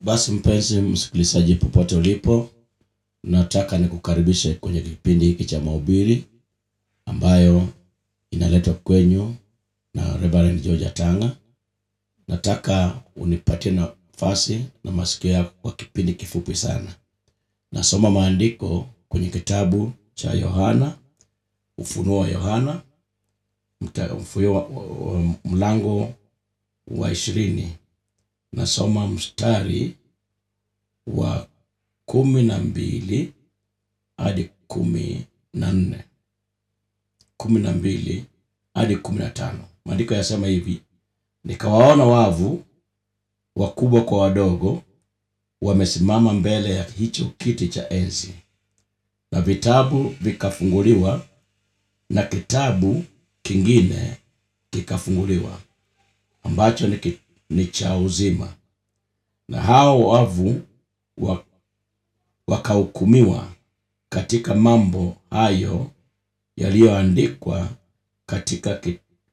Basi mpenzi msikilizaji, popote ulipo, nataka nikukaribishe kwenye kipindi hiki cha mahubiri ambayo inaletwa kwenyu na Reverend George Atanga. Nataka unipatie nafasi na masikio yako kwa kipindi kifupi sana. Nasoma maandiko kwenye kitabu cha Yohana, Ufunuo wa Yohana mlango wa ishirini nasoma mstari wa kumi na mbili hadi kumi na nne kumi na mbili hadi kumi na tano maandiko yasema hivi nikawaona wavu wakubwa kwa wadogo wamesimama mbele ya hicho kiti cha enzi na vitabu vikafunguliwa na kitabu kingine kikafunguliwa ambacho ni ni cha uzima, na hao wavu wakahukumiwa katika mambo hayo yaliyoandikwa katika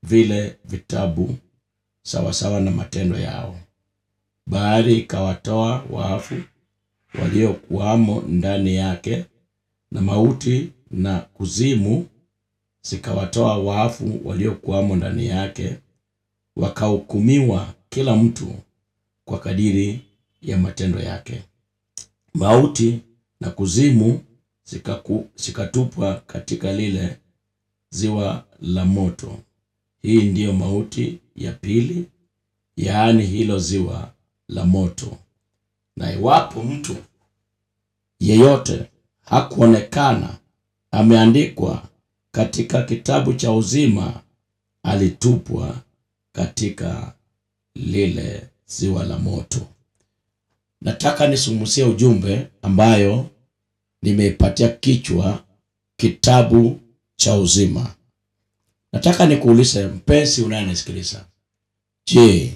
vile vitabu sawasawa na matendo yao. Bahari ikawatoa wafu waliokuwamo ndani yake, na mauti na kuzimu zikawatoa wafu waliokuwamo ndani yake, wakahukumiwa kila mtu kwa kadiri ya matendo yake. Mauti na kuzimu zikatupwa katika lile ziwa la moto. Hii ndiyo mauti ya pili, yaani hilo ziwa la moto. Na iwapo mtu yeyote hakuonekana ameandikwa katika kitabu cha uzima, alitupwa katika lile ziwa la moto. Nataka nisumusie ujumbe ambayo nimeipatia kichwa kitabu cha uzima. Nataka nikuulize mpenzi unayenisikiliza, je,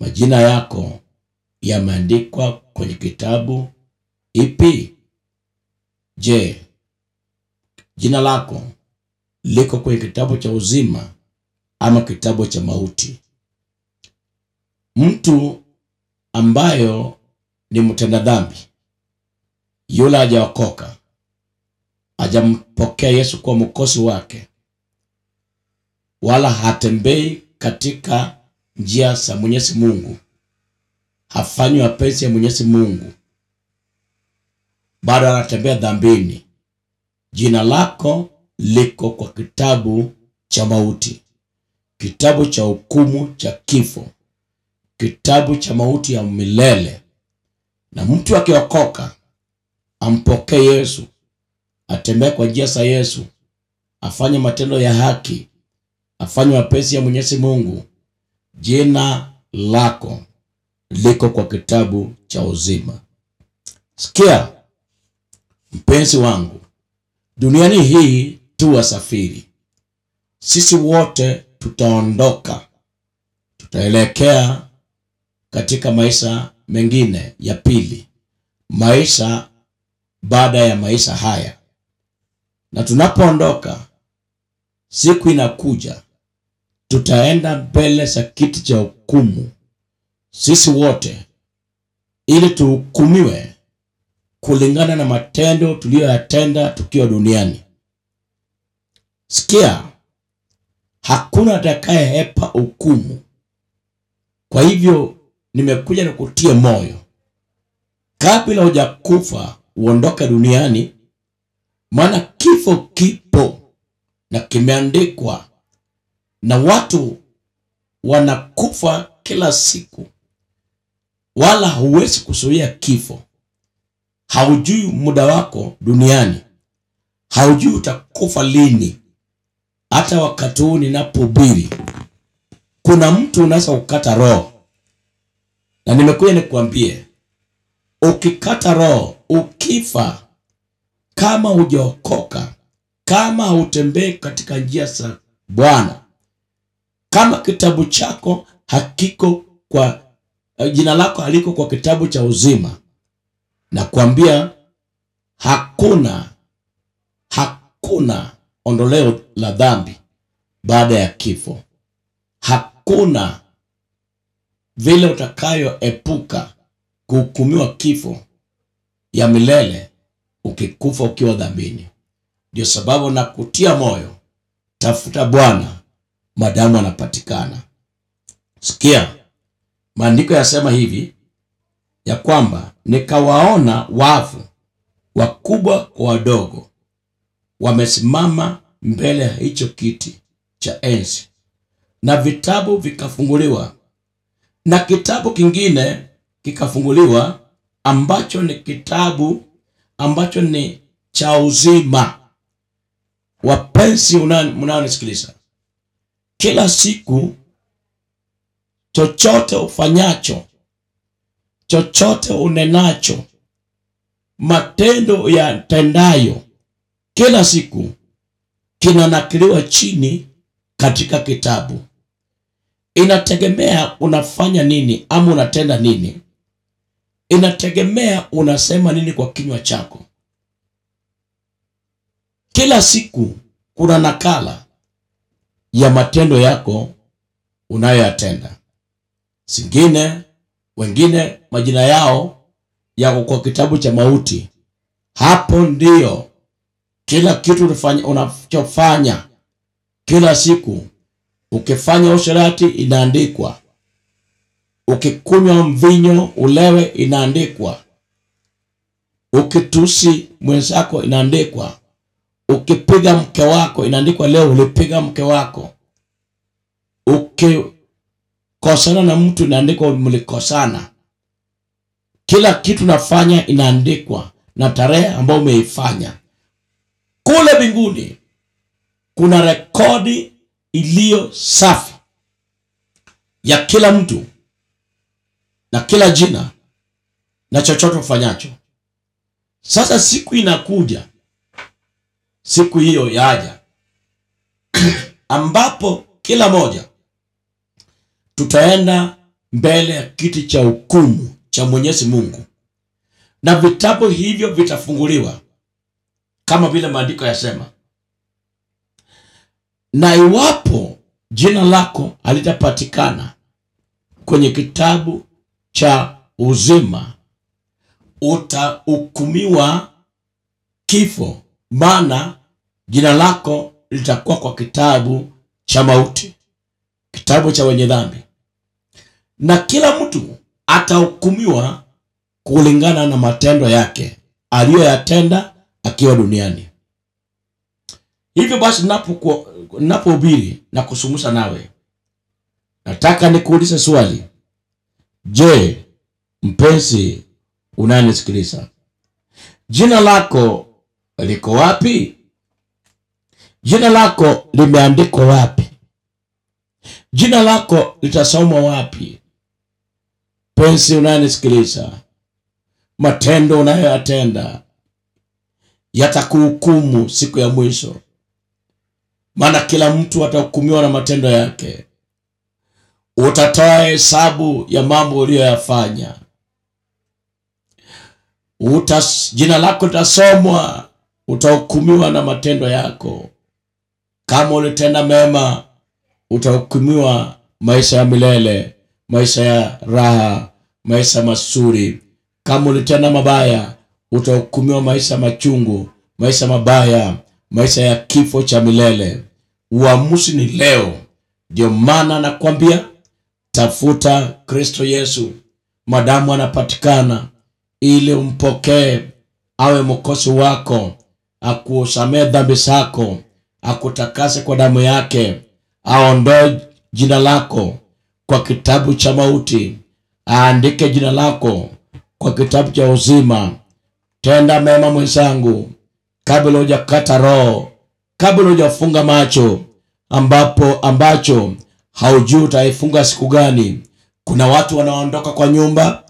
majina yako yameandikwa kwenye kitabu ipi? Je, jina lako liko kwenye kitabu cha uzima ama kitabu cha mauti? mtu ambayo ni mtenda dhambi, yule hajaokoka, hajampokea Yesu kuwa mkosi wake, wala hatembei katika njia za Mwenyezi Mungu, hafanywi apesi ya Mwenyezi Mungu, bado anatembea dhambini, jina lako liko kwa kitabu cha mauti, kitabu cha hukumu cha kifo kitabu cha mauti ya milele, na mtu akiokoka ampokee Yesu, atembee kwa njia za Yesu, afanye matendo ya haki, afanye mapenzi ya Mwenyezi Mungu, jina lako liko kwa kitabu cha uzima. Sikia mpenzi wangu, duniani hii tu wasafiri, sisi wote tutaondoka, tutaelekea katika maisha mengine ya pili, maisha baada ya maisha haya. Na tunapoondoka, siku inakuja, tutaenda mbele za kiti cha hukumu sisi wote, ili tuhukumiwe kulingana na matendo tuliyoyatenda tukiwa duniani. Sikia, hakuna atakayehepa hukumu. Kwa hivyo nimekuja nikutie moyo, kabla hujakufa uondoke duniani, maana kifo kipo na kimeandikwa, na watu wanakufa kila siku, wala huwezi kuzuia kifo. Haujui muda wako duniani, haujui utakufa lini. Hata wakati huu ninapohubiri, kuna mtu unaweza kukata roho na nimekuja nikuambie, ukikata roho, ukifa, kama hujaokoka, kama hautembei katika njia za Bwana, kama kitabu chako hakiko kwa eh, jina lako haliko kwa kitabu cha uzima, na kuambia hakuna hakuna ondoleo la dhambi baada ya kifo, hakuna vile utakayoepuka kuhukumiwa kifo ya milele ukikufa ukiwa dhambini. Ndio sababu na kutia moyo, tafuta Bwana madamu anapatikana. Sikia, maandiko yasema hivi ya kwamba nikawaona wafu wakubwa kwa wadogo wamesimama mbele ya hicho kiti cha enzi, na vitabu vikafunguliwa na kitabu kingine kikafunguliwa ambacho ni kitabu ambacho ni cha uzima. Wapenzi mnaonisikiliza, kila siku, chochote ufanyacho, chochote unenacho, matendo ya tendayo kila siku kinanakiliwa chini katika kitabu Inategemea unafanya nini ama unatenda nini. Inategemea unasema nini kwa kinywa chako. Kila siku kuna nakala ya matendo yako unayoyatenda. Singine wengine majina yao yako kwa kitabu cha mauti. Hapo ndiyo kila kitu unachofanya kila siku Ukifanya usherati inaandikwa, ukikunywa mvinyo ulewe inaandikwa, ukitusi mwenzako inaandikwa, ukipiga mke wako inaandikwa, leo ulipiga mke wako, ukikosana na mtu inaandikwa, mlikosana. Kila kitu nafanya inaandikwa na tarehe ambayo umeifanya. Kule mbinguni kuna rekodi iliyo safi ya kila mtu na kila jina na chochote ufanyacho. Sasa siku inakuja, siku hiyo yaja ambapo kila moja tutaenda mbele ya kiti cha hukumu cha Mwenyezi Mungu na vitabu hivyo vitafunguliwa kama vile maandiko yasema na iwapo jina lako halitapatikana kwenye kitabu cha uzima, utahukumiwa kifo, maana jina lako litakuwa kwa kitabu cha mauti, kitabu cha wenye dhambi, na kila mtu atahukumiwa kulingana na matendo yake aliyoyatenda akiwa duniani. Hivyo basi ninapohubiri na kusumusa nawe, nataka nikuulize swali. Je, mpenzi unayenisikiliza jina lako liko wapi? Jina lako limeandikwa wapi? Jina lako litasomwa wapi? Pensi unayenisikiliza, matendo unayoyatenda yatakuhukumu siku ya mwisho maana kila mtu atahukumiwa na matendo yake. Utatoa hesabu ya mambo uliyoyafanya. Jina lako litasomwa, utahukumiwa na matendo yako. Kama ulitenda mema, utahukumiwa maisha ya milele, maisha ya raha, maisha mazuri. Kama ulitenda mabaya, utahukumiwa maisha machungu, maisha mabaya, maisha ya kifo cha milele. Uamuzi ni leo. Ndio maana nakwambia tafuta Kristo Yesu madamu anapatikana, ili umpokee awe mwokozi wako, akusamee dhambi zako, akutakase kwa damu yake, aondoe jina lako kwa kitabu cha mauti, aandike jina lako kwa kitabu cha uzima. Tenda mema mwenzangu, kabla hujakata roho kabla hujafunga macho, ambapo ambacho haujui utaifunga siku gani. Kuna watu wanaondoka kwa nyumba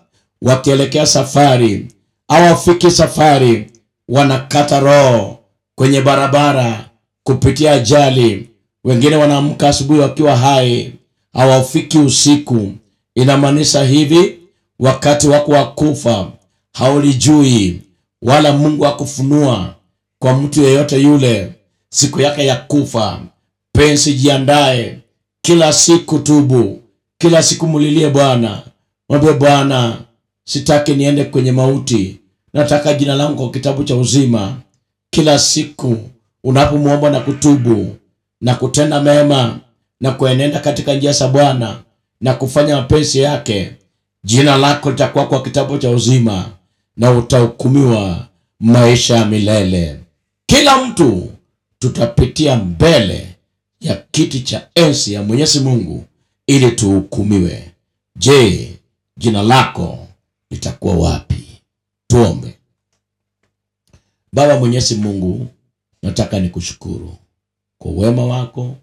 wakielekea safari, au wafiki safari, wanakata roho kwenye barabara kupitia ajali. Wengine wanaamka asubuhi wakiwa hai, hawafiki usiku. Inamaanisha hivi, wakati wako wa kufa haulijui, wala Mungu akufunua kwa mtu yeyote yule siku yake ya kufa. Pensi, jiandae kila siku, tubu kila siku, mlilie Bwana, mwambie Bwana, sitaki niende kwenye mauti, nataka jina langu kwa kitabu cha uzima. Kila siku unapomwomba na kutubu na kutenda mema na kuenenda katika njia za Bwana na kufanya mapenzi yake, jina lako litakuwa kwa kitabu cha uzima na utahukumiwa maisha ya milele. Kila mtu tutapitia mbele ya kiti cha enzi ya Mwenyezi Mungu ili tuhukumiwe. Je, jina lako litakuwa wapi? Tuombe. Baba Mwenyezi Mungu, nataka nikushukuru kwa wema wako,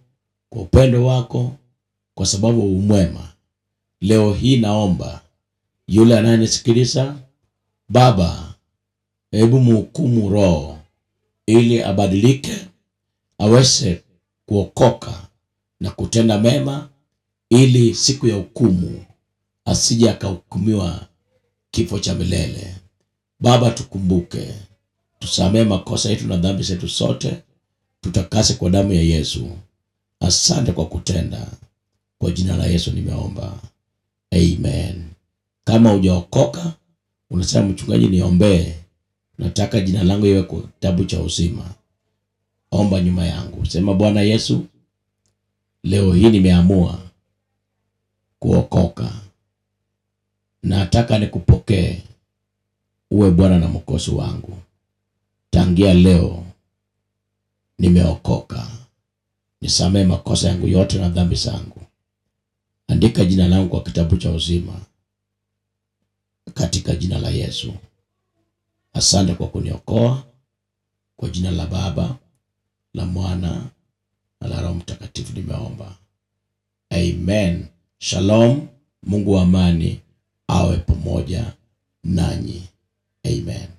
kwa upendo wako, kwa sababu umwema. Leo hii naomba yule anayenisikiliza Baba, hebu muhukumu roho ili abadilike aweze kuokoka na kutenda mema, ili siku ya hukumu asije akahukumiwa kifo cha milele. Baba, tukumbuke, tusamee makosa yetu na dhambi zetu sote, tutakase kwa damu ya Yesu. Asante kwa kutenda, kwa jina la Yesu nimeomba, amen. Kama hujaokoka unasema, mchungaji, niombee, nataka jina langu iwe kwa kitabu cha uzima omba nyuma yangu, sema Bwana Yesu, leo hii nimeamua kuokoka, nataka nikupokee uwe Bwana na mwokozi wangu. Tangia leo nimeokoka, nisamee makosa yangu yote na dhambi zangu, andika jina langu kwa kitabu cha uzima katika jina la Yesu. Asante kwa kuniokoa kwa jina la Baba la Mwana na la Roho Mtakatifu nimeomba, amen. Shalom, Mungu wa amani awe pamoja nanyi, amen.